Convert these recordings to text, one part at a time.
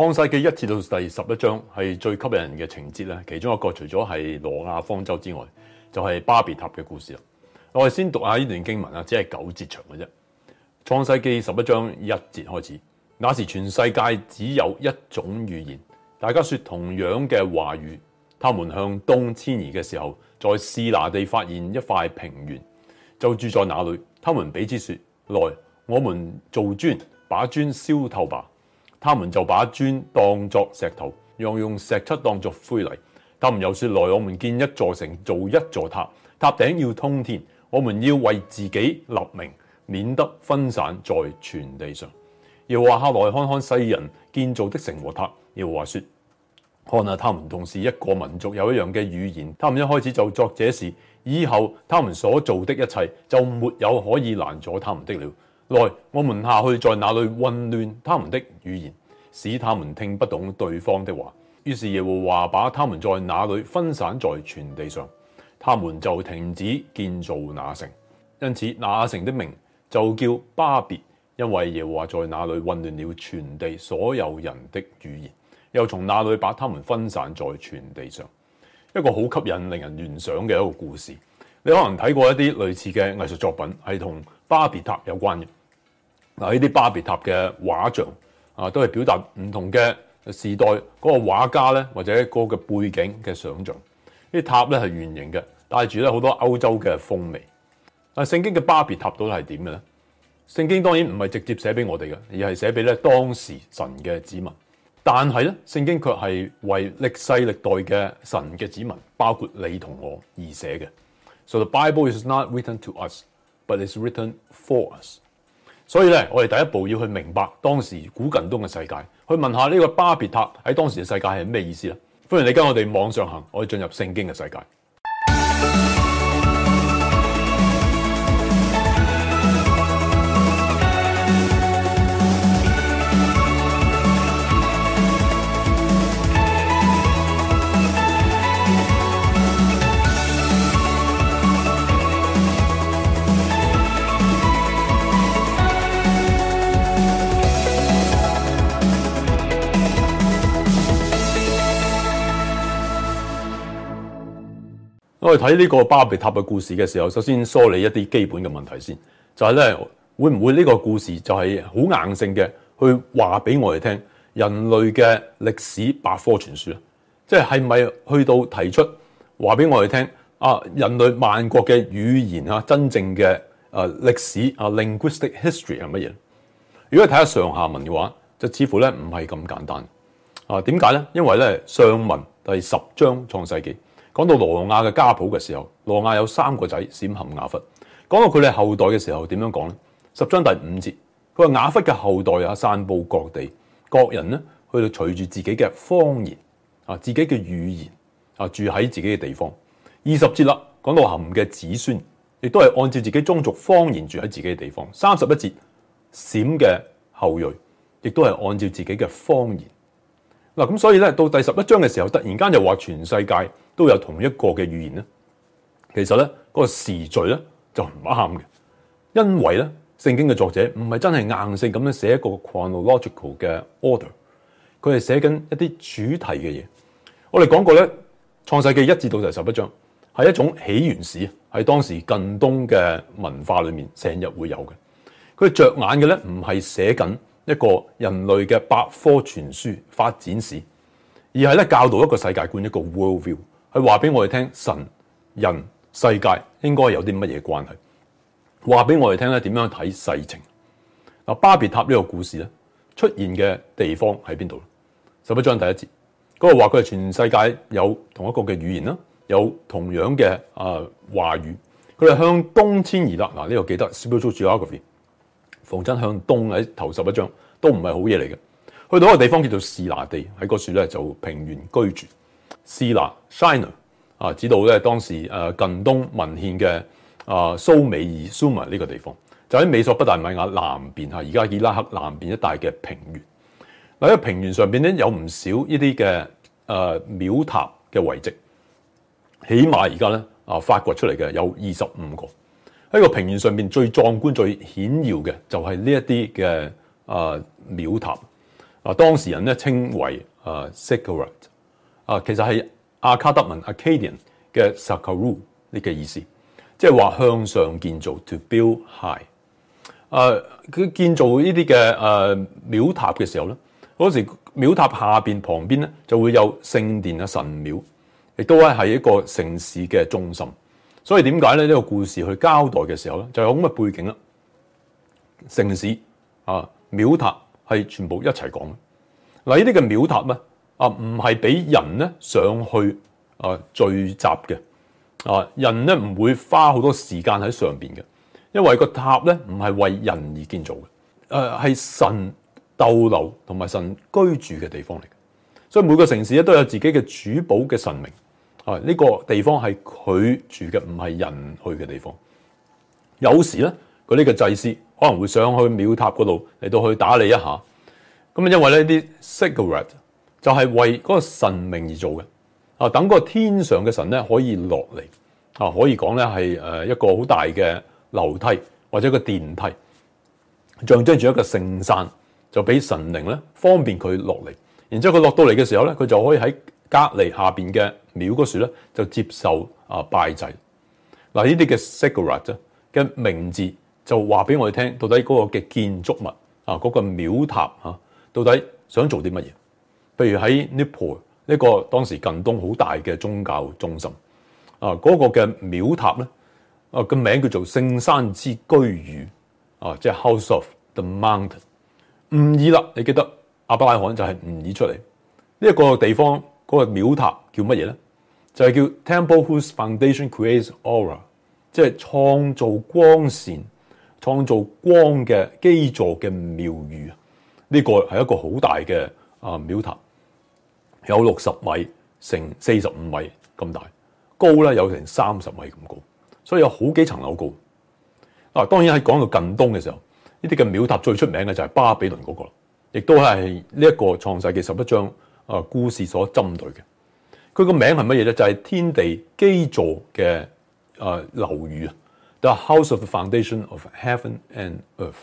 創世紀一至到第十一章係最吸引人嘅情節咧，其中一個除咗係挪亞方舟之外，就係、是、巴別塔嘅故事啦。我哋先讀一下呢段經文啊，只係九節長嘅啫。創世紀十一章一節開始，那時全世界只有一種語言，大家說同樣嘅話語。他們向東遷移嘅時候，在示拿地發現一塊平原，就住在那裏。他們彼此說：來，我們做磚，把磚燒透吧。他們就把磚當作石頭，又用石漆當作灰泥。他們又說：來，我們建一座城，造一座塔，塔頂要通天。我們要為自己立名，免得分散在全地上。要話下來看看世人建造的城和塔。要話說：看下他們同是一個民族，有一樣嘅語言。他們一開始就作這事，以後他們所做的一切就沒有可以攔阻他們的了。來，我們下去在那裡混亂他們的語言，使他們聽不懂對方的話。於是耶和華把他們在那裡分散在全地上，他們就停止建造那城。因此那城的名就叫巴別，因為耶和華在那裡混亂了全地所有人的語言，又從那裡把他們分散在全地上。一個好吸引、令人聯想嘅一個故事。你可能睇過一啲類似嘅藝術作品，係同巴別塔有關嘅。嗱，呢啲巴別塔嘅畫像啊，都係表達唔同嘅時代嗰個畫家咧，或者嗰個背景嘅想象。啲塔咧係圓形嘅，帶住咧好多歐洲嘅風味。但、啊、聖經嘅巴別塔到底係點嘅咧？聖經當然唔係直接寫俾我哋嘅，而係寫俾咧當時神嘅子民。但係咧，聖經卻係為歷世歷代嘅神嘅子民，包括你同我而寫嘅。So the Bible is not written to us, but it's written for us. 所以咧，我哋第一步要去明白當時古近東嘅世界，去問下呢個巴別塔喺當時嘅世界係咩意思啦。歡迎你跟我哋網上行，我哋進入聖經嘅世界。我哋睇呢個巴別塔嘅故事嘅時候，首先梳理一啲基本嘅問題先，就係咧，會唔會呢個故事就係好硬性嘅去話俾我哋聽人類嘅歷史百科全書啊？即係係咪去到提出話俾我哋聽啊人類萬國嘅語言啊，真正嘅啊歷史啊 linguistic history 係乜嘢？如果睇下上下文嘅話，就似乎咧唔係咁簡單啊。點解咧？因為咧，上文第十章創世記。講到羅亞嘅家譜嘅時候，羅亞有三個仔，閃含雅弗。講到佢哋後代嘅時候，點樣講呢？十章第五節，佢話雅弗嘅後代啊，散布各地，各人呢去到隨住自己嘅方言啊，自己嘅語言啊，住喺自己嘅地方。二十節啦，講到含嘅子孫，亦都係按照自己宗族方言住喺自己嘅地方。三十一節，閃嘅後裔，亦都係按照自己嘅方言嗱。咁所以咧，到第十一章嘅時候，突然間又話全世界都有同一個嘅語言咧，其實咧嗰個時序咧就唔啱嘅。因為咧聖經嘅作者唔係真係硬性咁樣寫一個 chronological 嘅 order，佢係寫緊一啲主題嘅嘢。我哋講過咧，創世記一至到第十一章係一種起源史，喺當時近東嘅文化裏面成日會有嘅。佢着眼嘅咧唔係寫緊一個人類嘅百科全書發展史，而係咧教導一個世界觀，一個 world view。佢話俾我哋聽，神人世界應該有啲乜嘢關係？話俾我哋聽咧，點樣睇世情？嗱，巴別塔呢個故事咧，出現嘅地方喺邊度？十一章第一節，嗰個話佢係全世界有同一個嘅語言啦，有同樣嘅啊話語。佢哋向東遷移啦。嗱，呢個記得。spiritual geography，逢真向東喺頭十一章都唔係好嘢嚟嘅。去到一個地方叫做士拿地，喺嗰處咧就平原居住。希 a s h i n a 啊，指到咧當時誒、啊、近東文獻嘅啊蘇美爾 Sumer 呢個地方，就喺美索不達米亞南邊嚇，而、啊、家伊拉克南邊一帶嘅平原。嗱、啊，喺平原上邊咧有唔少呢啲嘅誒廟塔嘅遺跡，起碼而家咧啊發掘出嚟嘅有二十五個。喺、啊、個平原上邊最壯觀最顯耀嘅就係呢一啲嘅啊廟塔。啊，當時人咧稱為啊 Ziggurat。啊，其實係阿卡德文 （Akkadian） 嘅 Sakaru 呢個意思，即係話向上建造 （to build high）、啊。誒，佢建造呢啲嘅誒廟塔嘅時候咧，嗰時廟塔下邊旁邊咧就會有聖殿啊神廟，亦都咧係一個城市嘅中心。所以點解咧呢、呢個故事去交代嘅時候咧，就有咁嘅背景啦。城市啊，廟塔係全部一齊講。嗱、啊，呢啲嘅廟塔咧。啊，唔係俾人咧上去啊聚集嘅，啊人咧唔會花好多時間喺上面嘅，因為個塔咧唔係為人而建造嘅，誒係神逗留同埋神居住嘅地方嚟，所以每個城市咧都有自己嘅主保嘅神明，啊、這、呢個地方係佢住嘅，唔係人去嘅地方。有時咧，佢呢個祭司可能會上去廟塔嗰度嚟到去打理一下，咁啊因為呢啲 ziggurat 就係為嗰個神明而做嘅啊！等嗰個天上嘅神咧可以落嚟啊，可以講咧係一個好大嘅樓梯或者個電梯，象徵住一個聖山，就俾神靈咧方便佢落嚟。然之後佢落到嚟嘅時候咧，佢就可以喺隔離下邊嘅廟嗰處咧就接受啊拜祭嗱。呢啲嘅 Ziggurat 嘅名字就話俾我哋聽，到底嗰個嘅建築物啊嗰、嗰個廟塔到底想做啲乜嘢？譬如喺尼泊呢個當時近東好大嘅宗教中心，啊，嗰個嘅廟塔咧，啊個名叫做聖山之居宇，啊，即係 House of the Mountain。吾珥啦，你記得阿伯拉罕就係吾珥出嚟。呢、這、一個地方嗰、那個廟塔叫乜嘢咧？就係、是、叫 Temple whose foundation creates aura，即係創造光線、創造光嘅基座嘅廟宇。呢、這個係一個好大嘅啊廟塔。有六十米乘四十五米咁大，高咧有成三十米咁高，所以有好幾層樓高。嗱、啊，當然係講到近東嘅時候，呢啲嘅廟塔最出名嘅就係巴比倫嗰、嗰個，亦都係呢一個創世記十一章故事所針對嘅。佢個名係乜嘢咧？就係、係、天地基座嘅啊樓宇啊，the House of the Foundation of Heaven and Earth。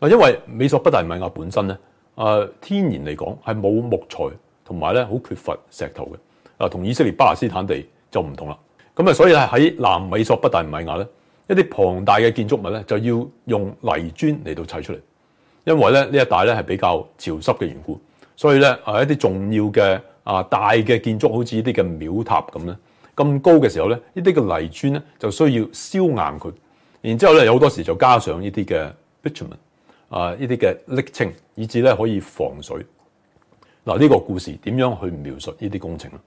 嗱、啊，因為美索不達米亞本身咧、啊，天然嚟講係冇木材。同埋咧，好缺乏石頭嘅啊，同以色列巴勒斯坦地就唔同啦。咁啊，所以喺南美索不達米亞咧，一啲龐大嘅建築物咧，就要用泥磚嚟到砌出嚟，因為咧呢一帶咧係比較潮濕嘅緣故，所以咧啊一啲重要嘅啊大嘅建築，好似呢啲嘅廟塔咁咧，咁高嘅時候咧，呢啲嘅泥磚咧就需要燒硬佢，然之後咧有好多時就加上呢啲嘅 bitumen 啊，呢啲嘅瀝青，以致咧可以防水。嗱，呢個故事點樣去描述呢啲工程咧？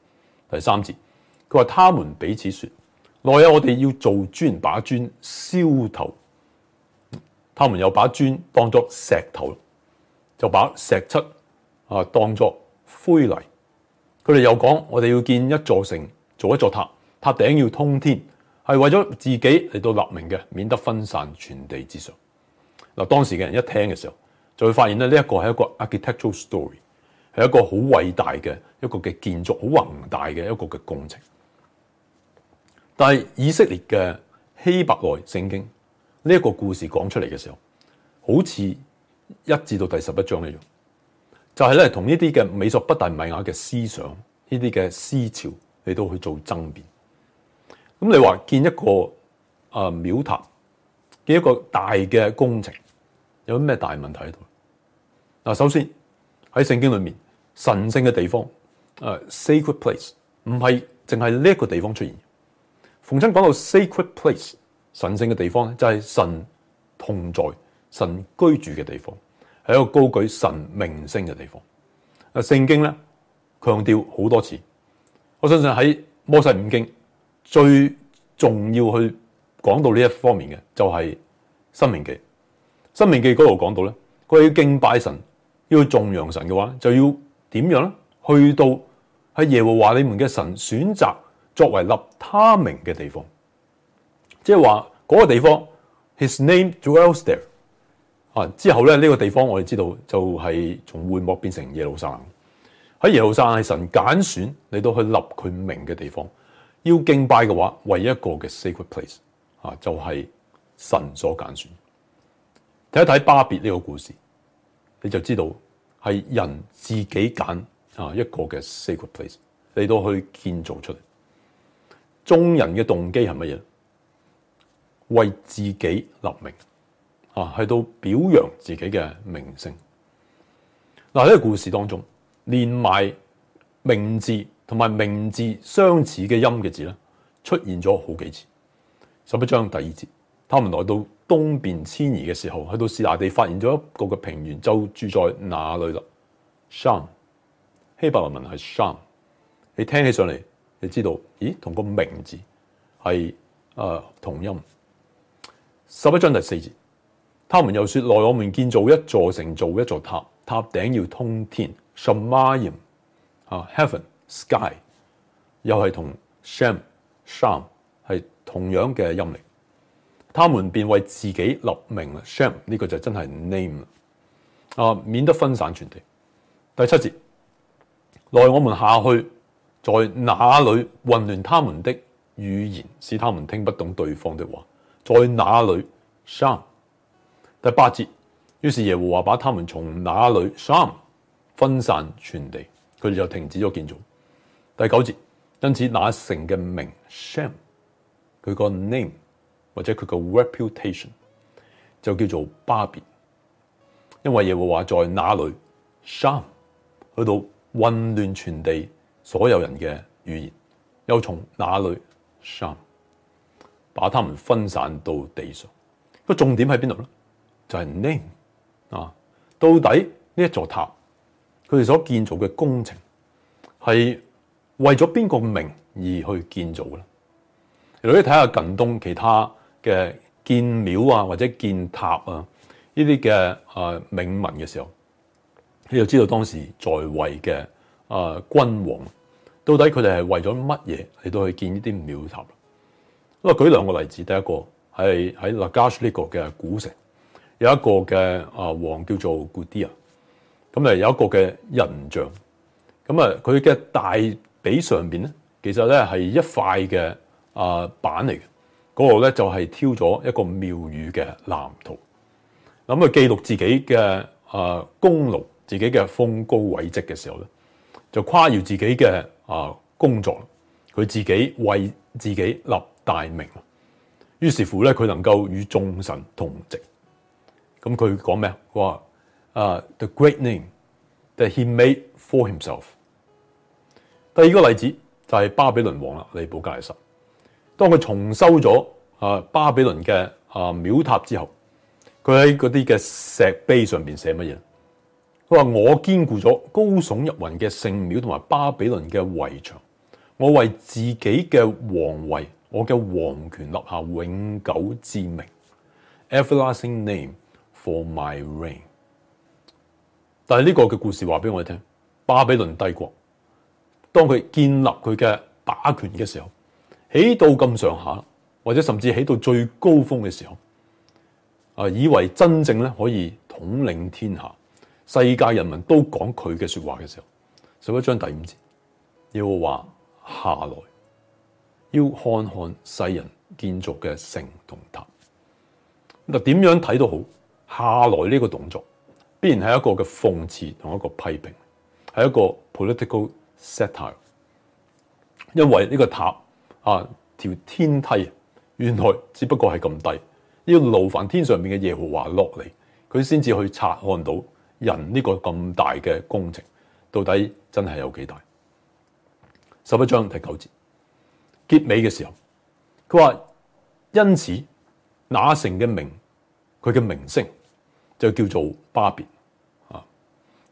第三節，佢話：他們彼此說，內有我哋要做磚，把磚燒頭；他們又把磚當作石頭，就把石漆啊當作灰泥。佢哋又講：我哋要建一座城，做一座塔，塔頂要通天，係為咗自己嚟到立名嘅，免得分散全地之上。嗱，當時嘅人一聽嘅時候，就會發現咧，呢一個係一個 architectural story。係一個好偉大嘅一個嘅建築，好宏大嘅一個嘅工程。但係以色列嘅希伯來聖經呢一個故事講出嚟嘅時候，好似一至到第十一章一樣，就係咧同呢啲嘅美索不達米亞嘅思想呢啲嘅思潮，你都去做爭辯。咁你話建一個啊廟塔，嘅、呃、一個大嘅工程，有咩大問題喺度？嗱，首先喺聖經裏面。神聖嘅地方，誒，sacred place 唔係淨係呢一個地方出現。逢親講到 sacred place 神聖嘅地方咧，就係、是、神同在、神居住嘅地方，係一個高舉神名聲嘅地方。啊，聖經咧強調好多次，我相信喺摩西五經最重要去講到呢一方面嘅，就係、是、申命記。申命記嗰度講到咧，佢要敬拜神，要頌揚神嘅話，就要。點樣咧？去到喺耶和華你們嘅神選擇作為立他名嘅地方，即係話嗰個地方，His name dwells there。啊，之後咧呢個地方我哋知道就係從會幕變成耶路撒冷。喺耶路撒冷，係神揀選嚟到去立佢名嘅地方，要敬拜嘅話，唯一一個嘅 sacred place 啊，就係神所揀選。睇一睇巴別呢個故事，你就知道。係人自己揀啊一個嘅 sacred place 嚟到去建造出嚟，眾人嘅動機係乜嘢？為自己立名啊，去到表揚自己嘅名聲。嗱，呢個故事當中，連埋名字同埋名字相似嘅音嘅字咧，出現咗好幾次。十一章第二節，他們來到。東邊遷移嘅時候，去到示拿地發現咗一個嘅平原，就住在哪裏啦？sham 希伯來文係 sham，你聽起上嚟，你知道，咦，同個名字係、呃、同音。十一章第四節，他們又說：來，我們建造一座城，造一座塔，塔頂要通天。Shamayim 啊、uh，Heaven，Sky，又係同 sham，sham 係同樣嘅音嚟。他們便為自己立名了。sham 呢個就真係 name 啊，免得分散全地。第七節，來我們下去，在哪裏混亂他們的語言，使他們聽不懂對方的話？在哪裏 sham。第八節，於是耶和華把他們從哪裏 sham 分散全地，佢哋就停止咗建造。第九節，因此那城嘅名 sham，佢個 name。或者佢個 reputation 就叫做巴別因為耶和華在哪裏 sham 去到混亂全地所有人嘅語言，又從哪裏 sham 把他們分散到地上。個重點喺邊度咧？就係、是、name 啊，到底呢一座塔佢哋所建造嘅工程係為咗邊個名而去建造嘅咧？你可以睇下近東其他。嘅建廟啊，或者建塔啊，呢啲嘅啊銘文嘅時候，你就知道當時在位嘅啊君王到底佢哋係為咗乜嘢嚟到去建呢啲廟塔。咁啊，舉兩個例子，第一個係喺 Lagash 呢個嘅古城，有一個嘅啊王叫做 Gudea，咁啊有一個嘅人像，咁啊佢嘅大髀上邊咧，其實咧係一塊嘅啊板嚟嘅。嗰個咧就係挑咗一個廟宇嘅藍圖，咁佢記錄自己嘅啊功勞，自己嘅豐功偉績嘅時候咧，就誇耀自己嘅啊工作，佢自己為自己立大名，於是乎咧佢能夠與眾神同席。咁佢講咩啊？話啊 The great name that he made for himself。第二個例子就係巴比倫王啦，尼布賈利什。當佢重修咗啊巴比倫嘅啊廟塔之後，佢喺嗰啲嘅石碑上邊寫乜嘢？佢話，我兼顧咗高聳入雲嘅聖廟同埋巴比倫嘅圍牆，我為自己嘅王位，我嘅王權，立下永久之名 （everlasting name for my reign）。但係呢個嘅故事話俾我哋聽，巴比倫帝國當佢建立佢嘅霸權嘅時候，起到咁上下，或者甚至起到最高峰嘅時候，啊，以為真正咧可以統領天下，世界人民都講佢嘅說話嘅時候，十一章第五節要話下來，要看看世人建築嘅城同塔。嗱，點樣睇都好，下來呢個動作必然係一個嘅諷刺同一個批評，係一個 political satire，因為呢個塔，啊！條天梯原來只不過係咁低，要勞煩天上邊嘅耶和華落嚟，佢先至去察看到人呢個咁大嘅工程到底真係有幾大？十一章第九節結尾嘅時候，佢話：因此那城嘅名，佢嘅名聲就叫做巴別啊，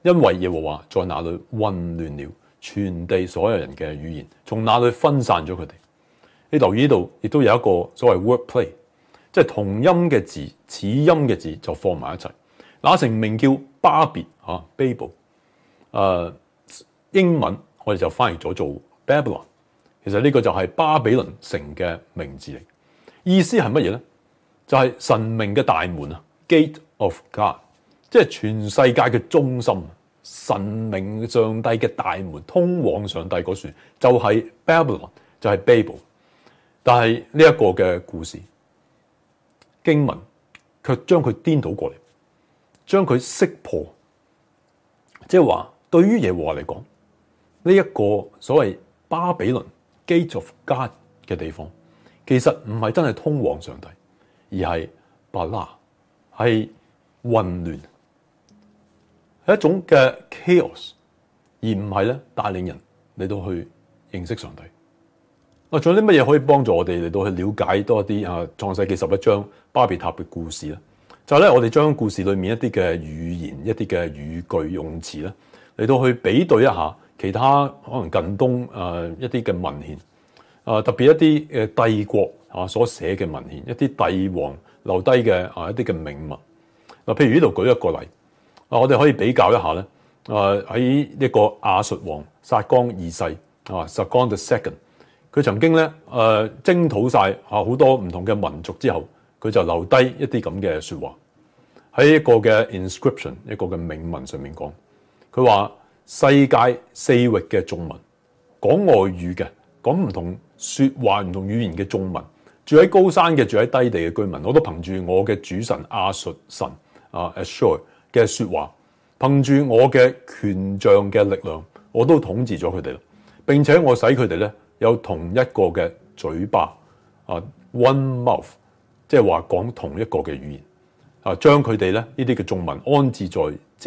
因為耶和華在那裏混亂了全地所有人嘅語言，從那裏分散咗佢哋。你留意呢度，亦都有一個所謂 word play，即係同音嘅字、似音嘅字就放埋一齊。那城名叫巴別啊，Babel。誒 Bab、啊，英文我哋就翻譯咗做 Babylon。其實呢個就係巴比倫城嘅名字嚟，意思係乜嘢咧？就係、是、神明嘅大門啊，Gate of God，即係全世界嘅中心，神明上帝嘅大門，通往上帝嗰處就係、是、Babylon，就係 Babel。但係呢一個嘅故事經文，卻將佢顛倒過嚟，將佢識破，即係話對於耶和華嚟講，呢一個所謂巴比倫 Gate of God 嘅地方，其實唔係真係通往上帝，而係巴拉，係混亂，係一種嘅 chaos，而唔係咧帶領人嚟到去認識上帝。仲有啲乜嘢可以幫助我哋嚟到去了解多一啲啊《創世記》十一章巴別塔嘅故事咧？就係咧，我哋將故事裏面一啲嘅語言、一啲嘅語句、用詞咧，嚟到去比對一下其他可能近東一啲嘅文獻啊，特別一啲嘅帝國啊所寫嘅文獻，一啲帝王留低嘅啊一啲嘅銘文嗱，譬如呢度舉一個例啊，我哋可以比較一下咧啊喺一個亞述王薩貢二世啊，薩貢 the second。佢曾經咧，誒、呃、征討晒好多唔同嘅民族之後，佢就留低一啲咁嘅說話喺一個嘅 inscription，一個嘅銘文上面講。佢話：世界四域嘅眾民，講外語嘅，講唔同說話唔同語言嘅眾民。住喺高山嘅，住喺低地嘅居民，我都憑住我嘅主神亞述神啊，Assure 嘅說話，憑住我嘅權杖嘅力量，我都統治咗佢哋啦。並且我使佢哋咧。有同一個嘅嘴巴啊，one mouth，即係話講同一個嘅語言啊，將佢哋咧呢啲嘅眾民安置在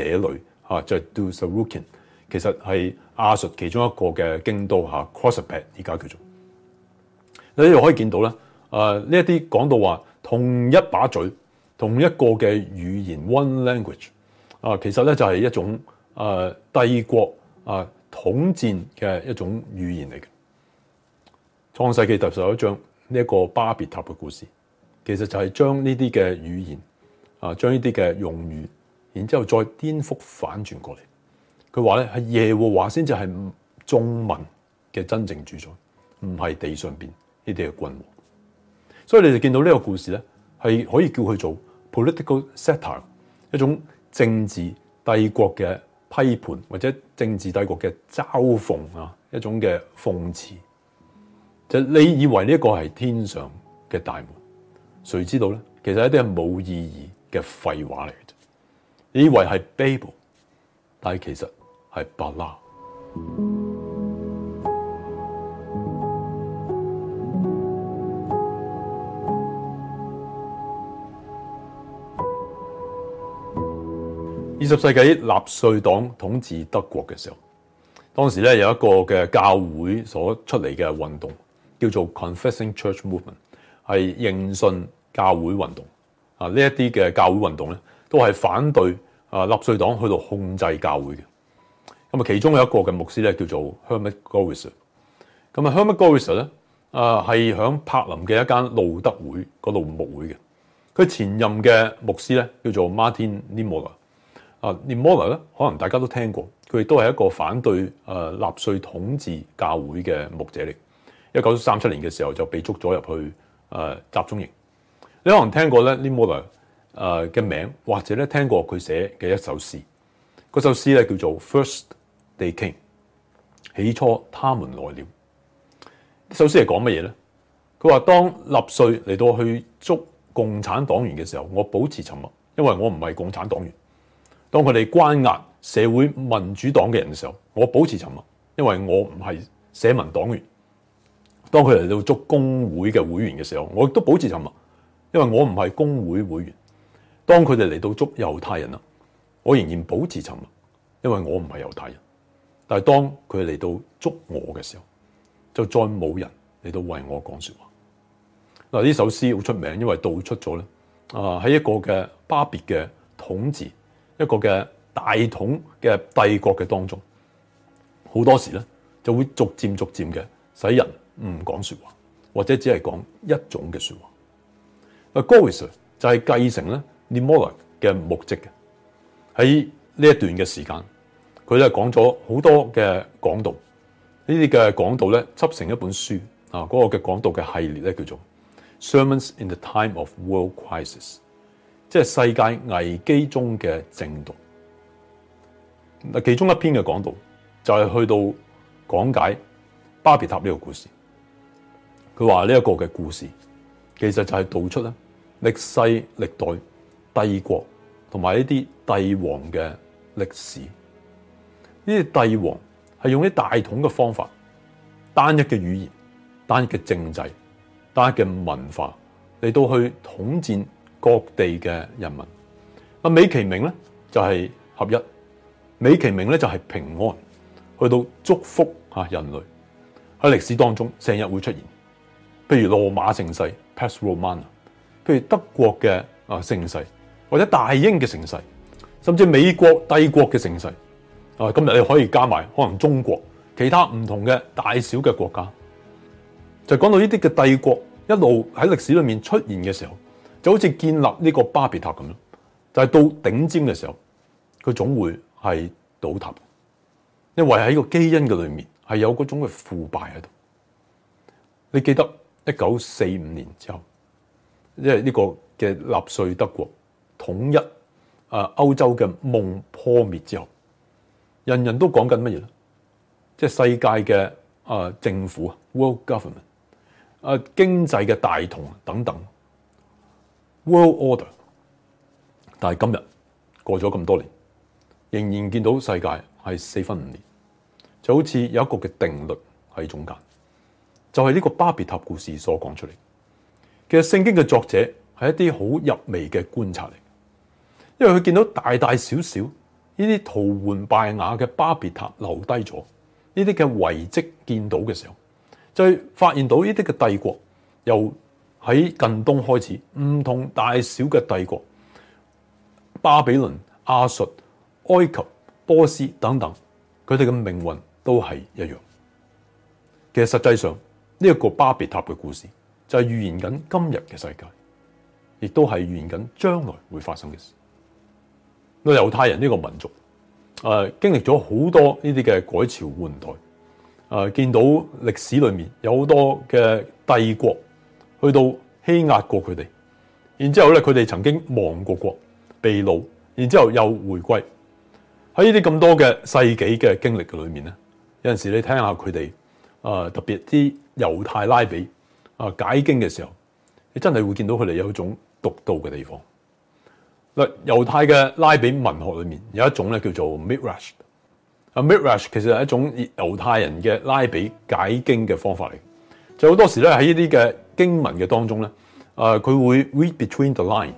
這裡啊，就在、是、Dur-Sharrukin 其實係亞述其中一個嘅京都嚇 Khorsabad 而家叫做你又可以見到咧啊呢一啲講到話同一把嘴同一個嘅語言 one language 啊，其實咧就係一種誒帝國啊統戰嘅一種語言嚟嘅。創世記第十一章呢一個巴別塔嘅故事，其實就係將呢啲嘅語言啊，將呢啲嘅用語，然之後再顛覆反轉過嚟。佢話咧，係耶和華先至係眾民嘅真正主宰，唔係地上邊呢啲嘅君王。所以你就見到呢個故事咧，係可以叫佢做 political satire 一種政治帝國嘅批判，或者政治帝國嘅嘲諷啊，一種嘅諷刺。就是你以為呢一個係天上嘅大門，誰知道呢？其實一啲係冇意義嘅廢話嚟嘅。你以為係 Babel，但係其實係白拉。二十世紀納粹黨統治德國嘅時候，當時咧有一個嘅教會所出嚟嘅運動。叫做 Confessing Church Movement 係認信教會運動啊，呢一啲嘅教會運動咧，都係反對啊納粹黨去到控制教會嘅。咁啊，其中有一個嘅牧師咧，叫做 Helmut Gollwitzer 咁啊，Helmut Gollwitzer 咧啊，係響、erm 啊、柏林嘅一間路德會嗰度牧會嘅。佢前任嘅牧師咧叫做 Martin Niemoller、啊。啊，Niemoller 咧，可能大家都聽過，佢亦都係一個反對啊納粹統治教會嘅牧者嚟。一九三七年嘅時候就被捉咗入去、呃、集中營。你可能聽過咧，Li Mo 勒誒嘅名，或者咧聽過佢寫嘅一首詩。嗰首詩咧叫做《First They Came》。起初他們來了。呢首詩係講乜嘢咧？佢話：當納粹嚟到去捉共產黨員嘅時候，我保持沉默，因為我唔係共產黨員；當佢哋關押社會民主黨嘅人嘅時候，我保持沉默，因為我唔係社民黨員。當佢嚟到捉工會嘅會員嘅時候，我亦都保持沉默，因為我唔係工會會員。當佢哋嚟到捉猶太人啦，我仍然保持沉默，因為我唔係猶太人。但係當佢嚟到捉我嘅時候，就再冇人嚟到為我講說話。嗱，呢首詩好出名，因為道出咗咧，啊喺一個嘅巴別嘅統治，一個嘅大統嘅帝國嘅當中，好多時咧就會逐漸逐漸嘅使人。唔講說話，或者只係講一種嘅說話。Gawish 就係繼承咧 Nimola 嘅目的嘅。喺呢一段嘅時間，佢咧講咗好多嘅講道。這些講道呢啲嘅講道咧，輯成一本書啊。嗰、那個嘅講道嘅系列咧，叫做 Sermons in the Time of World Crisis，即係世界危機中嘅講道。嗱，其中一篇嘅講道就係、是、去到講解巴別塔呢個故事。佢話呢一個嘅故事，其實就係道出咧歷世歷代帝國同埋一啲帝王嘅歷史。呢啲帝王係用啲大統嘅方法，單一嘅語言，單一嘅政制，單一嘅文化嚟到去統戰各地嘅人民。啊，美其名咧就係合一，美其名咧就係平安，去到祝福吓人類喺歷史當中成日會出現。譬如羅馬盛世 （Pax Romana），譬如德國嘅啊盛世，或者大英嘅盛世，甚至美國帝國嘅盛世。啊，今日你可以加埋可能中國其他唔同嘅大小嘅國家，就講到呢啲嘅帝國一路喺歷史裏面出現嘅時候，就好似建立呢個巴比塔咁樣。就係、是、到頂尖嘅時候，佢總會係倒塌。因為喺個基因嘅裏面係有嗰種嘅腐敗喺度，你記得。一九四五年之後，因為呢個嘅納粹德國統一啊歐洲嘅夢破滅之後，人人都講緊乜嘢咧？即係世界嘅啊政府啊，World Government 啊，經濟嘅大同等等，World Order。但係今日過咗咁多年，仍然見到世界係四分五裂，就好似有一個嘅定律喺中間。就係呢個巴別塔故事所講出嚟。其實聖經嘅作者係一啲好入微嘅觀察嚟，因為佢見到大大小小呢啲頹垣敗瓦嘅巴別塔留低咗呢啲嘅遺跡，這些遺跡見到嘅時候就係發現到呢啲嘅帝國由喺近東開始，唔同大小嘅帝國，巴比倫、亞述、埃及、波斯等等，佢哋嘅命運都係一樣。其實實際上。呢一個巴別塔嘅故事就係預言緊今日嘅世界，亦都係預言緊將來會發生嘅事。因為猶太人呢個民族，誒、呃、經歷咗好多呢啲嘅改朝換代，誒、呃、見到歷史裏面有好多嘅帝國去到欺壓過佢哋，然之後咧佢哋曾經亡過國，被擄，然之後又回歸。喺呢啲咁多嘅世紀嘅經歷嘅裏面咧，有陣時你聽下佢哋，誒、呃、特別啲。猶太拉比啊解經嘅時候，你真係會見到佢哋有一種獨到嘅地方。嗱，猶太嘅拉比文學裏面有一種咧叫做 Midrash。啊，Midrash 其實係一種猶太人嘅拉比解經嘅方法嚟，就好多時咧喺呢啲嘅經文嘅當中咧，啊佢會 read between the line。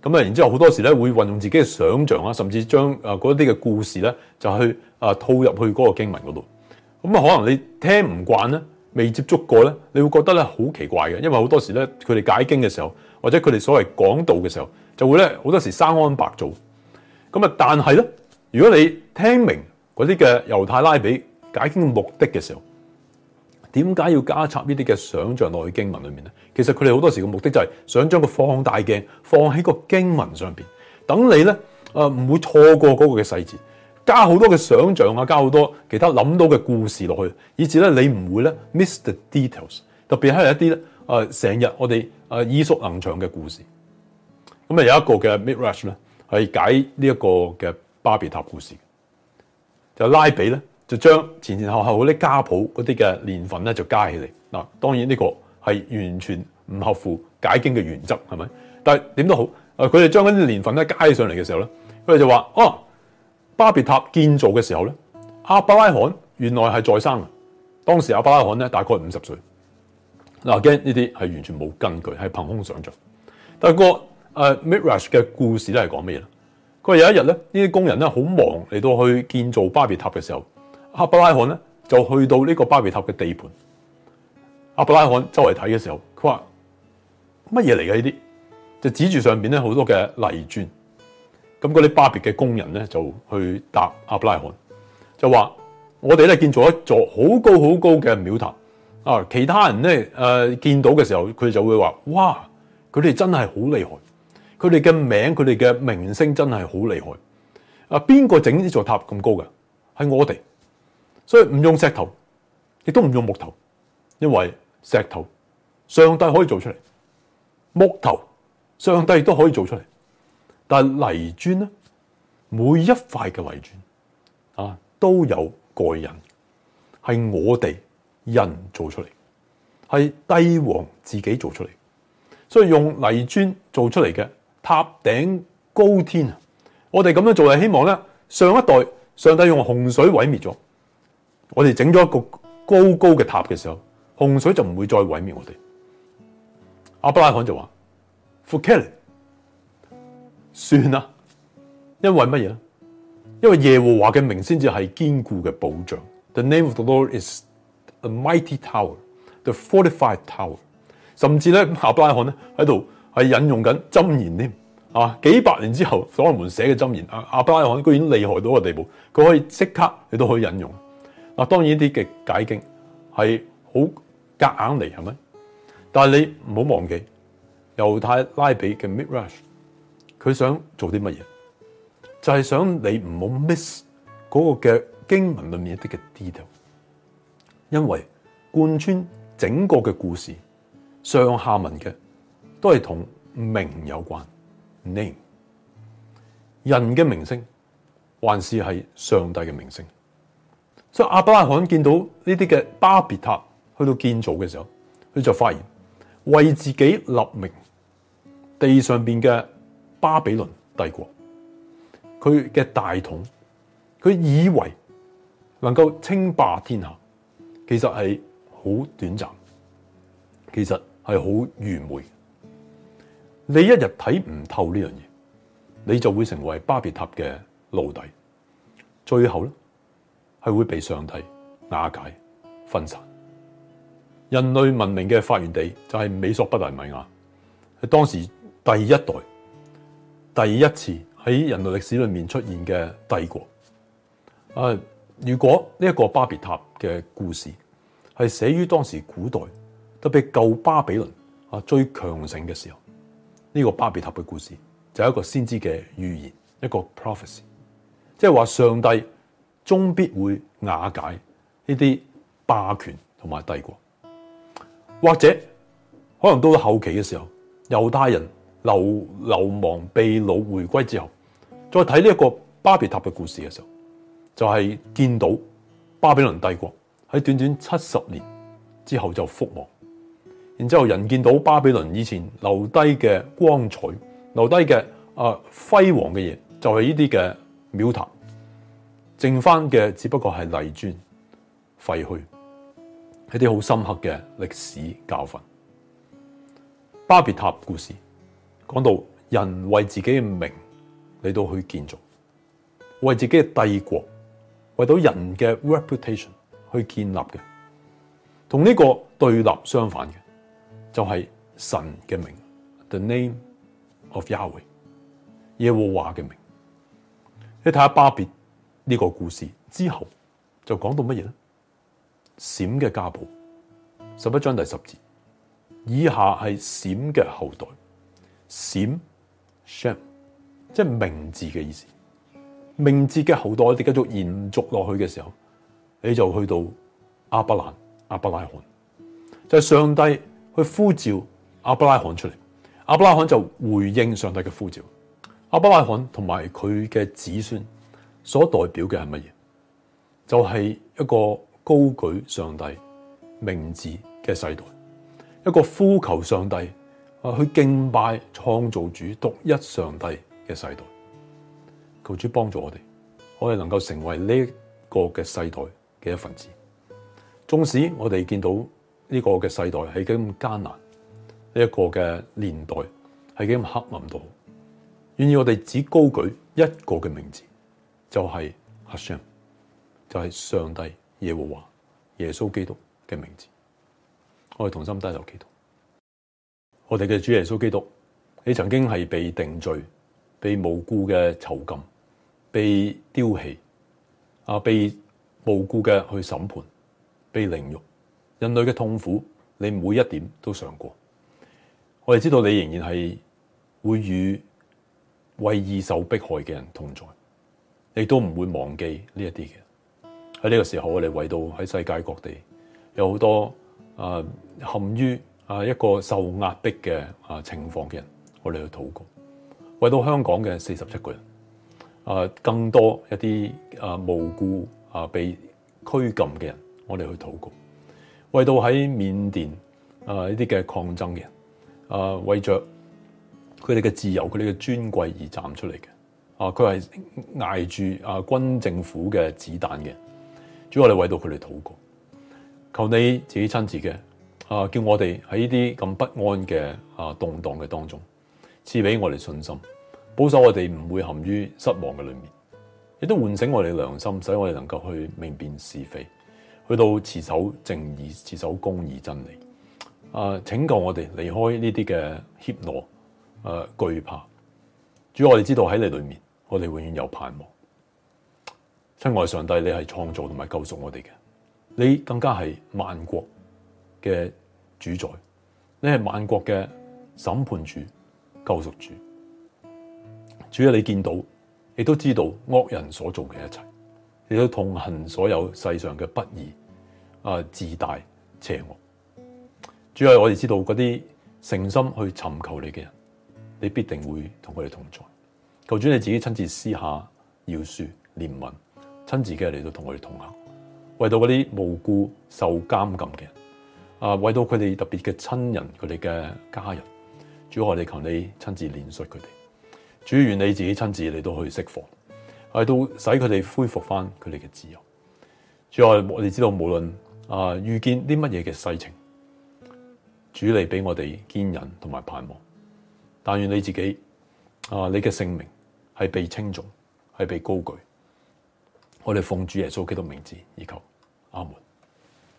咁啊，然之後好多時咧會運用自己嘅想像啊，甚至將啊嗰啲嘅故事咧就去啊套入去嗰個經文嗰度。咁啊，可能你聽唔慣咧。未接觸過咧，你會覺得咧好奇怪嘅，因為好多時咧佢哋解經嘅時候，或者佢哋所謂講道嘅時候，就會咧好多時生安白造。咁啊，但係咧，如果你聽明嗰啲嘅猶太拉比解經嘅目的嘅時候，點解要加插呢啲嘅想像內經文裏面咧？其實佢哋好多時嘅目的就係想將個放大鏡放喺個經文上邊，等你咧，誒唔會錯過嗰個嘅細節，加好多嘅想像啊，加好多其他諗到嘅故事落去，以至咧你唔會咧 miss the details。特別係一啲咧，成、呃、日我哋誒耳熟能詳嘅故事。咁啊有一個嘅 Midrash 咧，係解呢一個嘅巴比塔故事。就拉比咧就將前前後後呢啲家譜嗰啲嘅年份咧就加起嚟。嗱，當然呢個係完全唔合乎解經嘅原則，係咪？但係點都好，佢哋將嗰啲年份咧加上嚟嘅時候咧，佢哋就話哦。啊巴別塔建造嘅時候咧，亞伯拉罕原來係在生。當時亞伯拉罕咧大概五十歲。嗱，Again，呢啲係完全冇根據，係憑空想象。但係個誒 Midrash 嘅故事咧係講咩咧？佢話有一日咧，呢啲工人咧好忙，嚟到去建造巴別塔嘅時候，亞伯拉罕咧就去到呢個巴別塔嘅地盤。亞伯拉罕周圍睇嘅時候，佢話乜嘢嚟嘅呢啲？就指住上邊咧好多嘅泥磚。咁嗰啲巴別嘅工人咧就去搭阿伯拉罕，就話，我哋咧建造一座好高好高嘅廟塔。啊，其他人咧、呃、見到嘅時候，佢就會話，哇！佢哋真係好厲害，佢哋嘅名、佢哋嘅名聲真係好厲害。啊，邊個整呢座塔咁高嘅？係我哋，所以唔用石頭，亦都唔用木頭，因為石頭，上帝可以做出嚟，木頭，上帝亦都可以做出嚟。但係泥磚呢？每一塊嘅泥磚啊，都有蓋印，係我哋人做出嚟，係帝王自己做出嚟，所以用泥磚做出嚟嘅塔頂高天啊！我哋咁樣做係希望咧，上一代上帝用洪水毀滅咗，我哋整咗一個高高嘅塔嘅時候，洪水就唔會再毀滅我哋。阿伯拉罕就話，For k i 算啦，因為乜嘢咧？因為耶和華嘅名先至係堅固嘅保障。The name of the Lord is a mighty tower, the fortified tower。甚至咧，阿伯拉罕咧喺度係引用緊箴言添。啊幾百年之後所羅門寫嘅箴言，阿阿伯拉罕居然厲害到個地步，佢可以即刻你都可以引用。嗱、啊，當然啲嘅解經係好夾硬嚟，係咪？但係你唔好忘記猶太拉比嘅 Midrash。佢想做啲乜嘢？就係、是、想你唔好 miss 嗰個嘅經文裏面一啲嘅 detail，因為貫穿整個嘅故事上下文嘅都係同名有關。name 人嘅名聲還是係上帝嘅名聲。所以阿伯拉罕見到呢啲嘅巴別塔去到建造嘅時候，佢就發現為自己立名地上邊嘅。巴比倫帝國，佢嘅大統，佢以為能夠稱霸天下，其實係好短暫，其實係好愚昧。你一日睇唔透呢樣嘢，你就會成為巴別塔嘅奴隸。最後咧，係會被上帝瓦解分散。人類文明嘅發源地就係美索不達米亞，係當時第一代，第一次喺人類歷史裏面出現嘅帝國，啊、如果呢一個巴別塔嘅故事係寫於當時古代，特別舊巴比倫啊最強盛嘅時候，呢個巴別塔嘅故事就係一個先知嘅預言，一個 prophecy，即係話上帝終必會瓦解呢啲霸權同埋帝國，或者可能到咗後期嘅時候，猶太人。流流亡被擄回歸之後，再睇呢一個巴別塔嘅故事嘅時候，就係、是、見到巴比倫帝國喺短短七十年之後就覆亡，然之後人見到巴比倫以前留低嘅光彩、留低嘅啊輝煌嘅嘢，就係呢啲嘅廟塔，剩翻，嘅只不過係泥磚廢墟，一啲好深刻嘅歷史教訓。巴別塔故事。講到人為自己嘅名嚟到去建造，為自己嘅帝國，為到人嘅 reputation 去建立嘅，同呢個對立相反嘅就係、是、神嘅名，the name of Yahweh 耶和華嘅名。你睇下巴別呢個故事之後就講到乜嘢咧？閃嘅家譜十一章第十節以下係閃嘅後代。閃，sham，即係名字嘅意思。名字嘅後代，我哋繼續延續落去嘅時候，你就去到亞伯蘭、亞伯拉罕，就係、是、上帝去呼召亞伯拉罕出嚟。亞伯拉罕就回應上帝嘅呼召。亞伯拉罕同埋佢嘅子孫所代表嘅係乜嘢？就係、是、一個高舉上帝名字嘅世代，一個呼求上帝。啊！去敬拜創造主、獨一上帝嘅世代，求主幫助我哋，我哋能夠成為呢一個嘅世代嘅一份子。縱使我哋見到呢個嘅世代係幾咁艱難，呢一個嘅年代係幾咁黑暗都好，願意我哋只高舉一個嘅名字，就係阿信，就係上帝耶和華、耶穌基督嘅名字。我哋同心低頭祈禱。我哋嘅主耶穌基督，你曾經係被定罪、被無辜嘅囚禁、被丟棄、啊，被無辜嘅去審判、被凌辱，人類嘅痛苦，你每一點都嘗過。我哋知道你仍然係會與為義受迫害嘅人同在，你都唔會忘記呢一啲嘅。喺呢個時候，我哋為到喺世界各地有好多啊陷於。啊，一個受壓迫嘅啊情況嘅人，我哋去禱告；為到香港嘅四十七個人，啊，更多一啲啊無辜啊被拘禁嘅人，我哋去禱告；為到喺緬甸啊呢啲嘅抗爭嘅人，啊、呃、為着佢哋嘅自由、佢哋嘅尊貴而站出嚟嘅，啊佢係捱住啊軍政府嘅子彈嘅，主要我哋為到佢哋禱告，求你自己親自嘅。啊！叫我哋喺呢啲咁不安嘅啊動蕩嘅當中，賜俾我哋信心，保守我哋唔會陷於失望嘅裏面，亦都喚醒我哋良心，使我哋能夠去明辨是非，去到持守正義、持守公義真理。啊，拯救我哋離開呢啲嘅怯懦、啊懼怕。主，我哋知道喺你裏面，我哋永遠有盼望。親愛上帝，你係創造同埋救贖我哋嘅，你更加係萬國嘅。主宰，你係萬國嘅審判主、救贖主。主啊，你見到，亦都知道惡人所做嘅一切，你都痛恨所有世上嘅不義、啊自大、邪惡。主啊，我哋知道嗰啲誠心去尋求你嘅人，你必定會同佢哋同在。求主你自己親自私下要恕憐憫，親自嘅嚟到同佢哋同行，為到嗰啲無辜受監禁嘅人。啊，為到佢哋特別嘅親人，佢哋嘅家人，主啊，我哋求你親自憐恤佢哋，主願你自己親自嚟到去釋放，係到使佢哋恢復翻佢哋嘅自由。主要我們啊，我哋知道無論啊遇見啲乜嘢嘅世情，主你俾我哋堅忍同埋盼望。但願你自己啊，你嘅姓名係被稱重，係被高舉。我哋奉主耶穌基督名字以求，阿門。